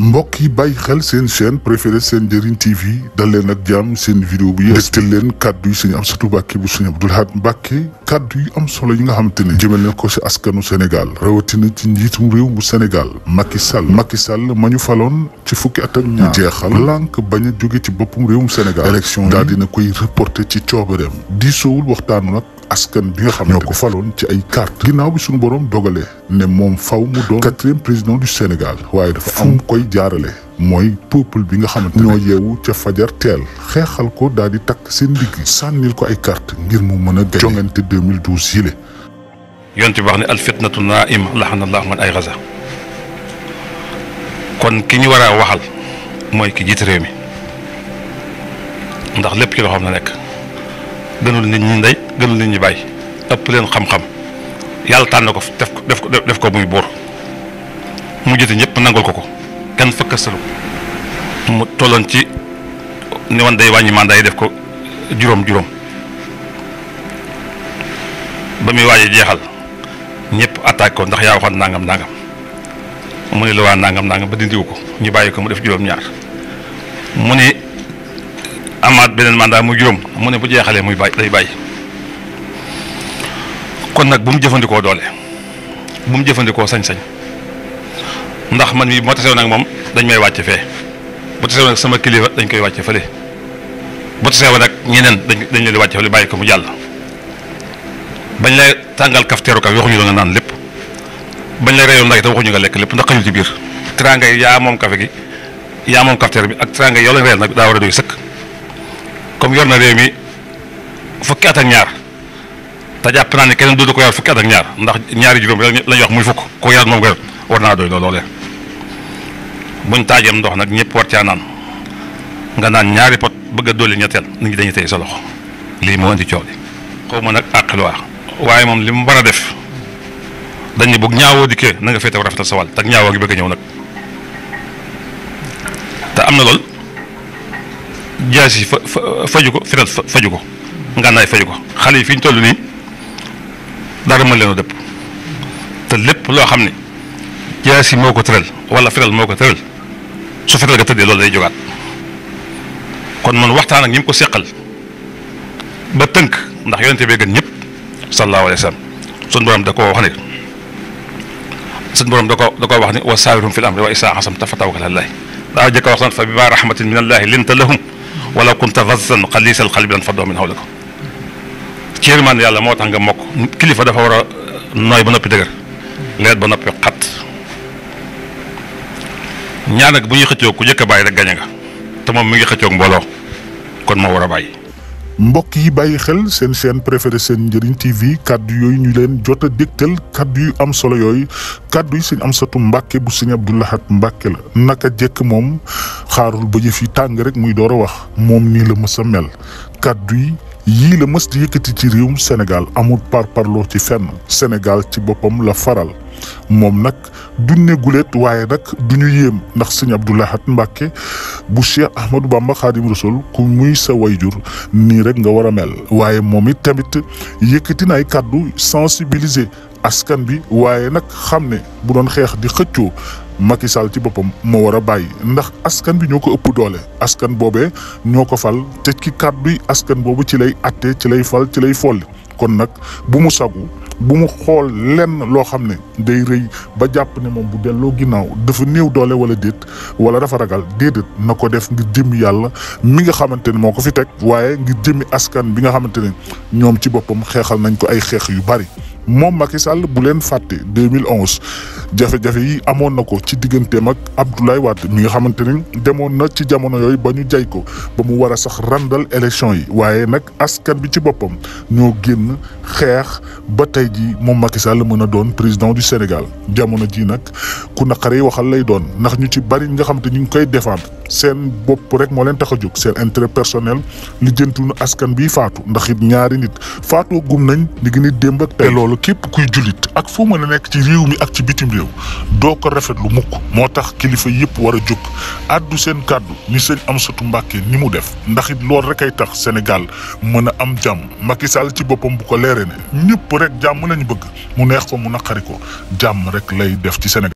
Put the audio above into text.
mbokk yi bàyyi xel seen chaîne préférée seen njëriñ TV dal leen ak jàmm seen vidéo bu yées dégtal leen kàddu yi sëñ Amsatou Mbàkke bu sëñ Abdul Ahad Mbàkke kàddu yu am solo yi nga xamante ne jëmale na ko ci askanu Sénégal rawatina ci njiitum réew mu senegal Macky Sall Macky Sall ma ñu faloon ci fukki atam ak jeexal lànk bañ a jóge ci boppum réewum Sénégal élection daal dina koy reporté ci di diisoowul waxtaanu nag askan bi nga xam ne ñoo ko faloon ci ay carte ginnaaw bi suñu borom dogalee ne moom faw mu doon quatrième président du Sénégal waaye dafa am koy jaarale mooy peuple bi nga xamante ne ñoo yeewu ca fajar teel xeexal ko daal di takk seen ndigg sànnil ko ay carte ngir mu mën a gañ jongante 2012 yile yonent bi wax ne al fitnatu naima laxana allahu man ay gaza kon ki ñu war a waxal mooy ki jiite réew mi ndax lépp ci loxoom la nekk gënul nit ñi ndey gënul nit ñi bàyyi ëpp leen xam-xam yàlla tànn ko def ko def ko muy buur mu jëte ñëpp nangul ko ko kenn fëkk salu mu tolloon ci ni wan day wàññi mandat yi def ko juróom-juróom ba muy waaj jeexal ñëpp attaque ko ndax yaa waxoon nangam nangam mu ne la waa nangam nangam ba dindiwu ko ñu bàyyi ko mu def juróom-ñaar mu ne beneen mandat mu juróom mu ne bu jeexalee muy bàyyi day bàyyi kon nag bu mu jëfandikoo doole bu mu jëfandikoo sañ-sañ ndax man mii moo ma tasewoon moom dañ may wàcc fee bu tasewoon ak sama kilifa dañ koy wàcc fële bu tasewoon ak ñeneen dañ dañ leen di bàyyi ko mu jàll bañ lay tàngal kafteeru kaw waxuñu la nga naan lépp bañ lay reyoon ndànk te waxuñu nga lekk lépp ndax xajul ci biir. teraanga yi yaa moom kafe gi yaa moom kafteer bi ak teraanga yoo leen reyal nag daa war a doy sëkk comme yor na réew mi fukki at ñaar te jàpp naa ne keneen dootu ko yor fukki at ak ñaar ndax ñaari juróom rek la ñu wax muy fukk ko yor moom ko yor war naa doy loolee buñ taajeem ndox nag ñëpp war caa naan nga naan ñaari pot bëgg a dolli ñetteel nit ñi dañuy tey sa loxo lii moo indi coow li xaw ma nag àq lu waaye moom li mu war a def dañu bëgg ñaawoo dikkee na nga féetewoo rafetal sa wàll ñaawoo gi bëgg a ñëw nag te am na lool. jaas yi fa faju ko firal faju ko ngànnaay faju ko xale yi fi toll nii dara mën leen a dëpp te lépp loo xam ne jaas yi moo ko tëral wala firal moo ko tëral su firal ga tëddee loolu day jógaat kon man waxtaan ak ñi ko seqal ba tënk ndax yonente bee gën ñëpp sallallahu alayhi wa sallam suñ borom da koo wax ne suñ borom da ko wax ne wa amri wa isaa xasam ta fa tawakkal allahi daa jëkk wax sant fa bi ma rahmatin min allahi linta lahum ولو كنت غزا قليس القلب لانفضوا من حولكم كيرمان يالا موت انغا موك كليفا دا فورا نوي بنوبي دغر ليت بنوبي قات نيا نك بو ني خيتيو كو جيك باي رك غاني غا تمام ميغي خيتيو مبولو كون ما ورا باي mbokk yi bàyyi xel seen chaîne préférée seen njëriñ TV kàddu yooyu ñu leen jot a dégtal kaddu yu am solo yooyu kàddu yi sëñ Amsatu Mbàkke bu sëñ Abdou Lahad Mbàkke la naka jekk moom xaarul ba yëf yi tàng rek muy door a wax moom nii la mës a mel kaddu yi yii la mës di yëkkati ci réewum Sénégal amul par parloo ci fenn Sénégal ci boppam la faral moom nag dunne guléet waaye nag du ñu yéem ndax sëñ Abdou Lahad Mbacke bu Cheikh Ahmadou Bamba Khadim Rasoul ku muy sa wayjur nii rek nga war a mel waaye moom it tamit yëkkati na ay kàddu sensibiliser askan bi waaye nag xam ne bu doon xeex di xëccoo Macky Sall ci boppam moo war a bàyyi ndax askan bi ñoo ko ëpp doole askan boobee ñoo ko fal te ki bi askan boobu ci lay atte ci lay fal ci lay folli kon nag bu mu sagu bu mu xool lenn loo xam ne day rëy ba jàpp ne moom bu delloo ginnaaw dafa néew doole wala déet wala dafa ragal déedéet na ko def ngir jëmmi yàlla mi nga xamante ne moo ko fi teg waaye ngir jëmmi askan bi nga xamante ne ñoom ci boppam xeexal nañ ko ay xeex yu bari moom Macky Sall bu len faté 2011 jafé jafé yi amon nako ci digënté mak Abdoulaye Wade mi nga xamante ni na ci jamono yoy bañu jay ko ba mu wara sax randal élection yi wayé nak askan bi ci boppam ñoo génn xex ba tay ji moom Macky Sall mëna doon président du Sénégal jamono ji nak ku naqaree waxal lay doon ndax ñu ci bari ñi nga xam ñu koy défendre. sen bop rek mo len taxaju a intérêt personnel li personnel nu askan bi faatu ndax it ñaari nit faatoo gum nañ li ngi demb ak tay lolu kep kuy julit ak fu meuna a ci réew mi ak ci bitim réew do ko rafetlu mukk motax kilifa yep wara a addu sen kaddu ni señ am sotu mbàkke ni mu def ndax it lolu rek ay tax senegal meuna am jam Macky Sall ci bopam bu ko leere ne ñep rek jam nañ bëgg mu neex ko mu nakari ko jam rek lay def ci senegal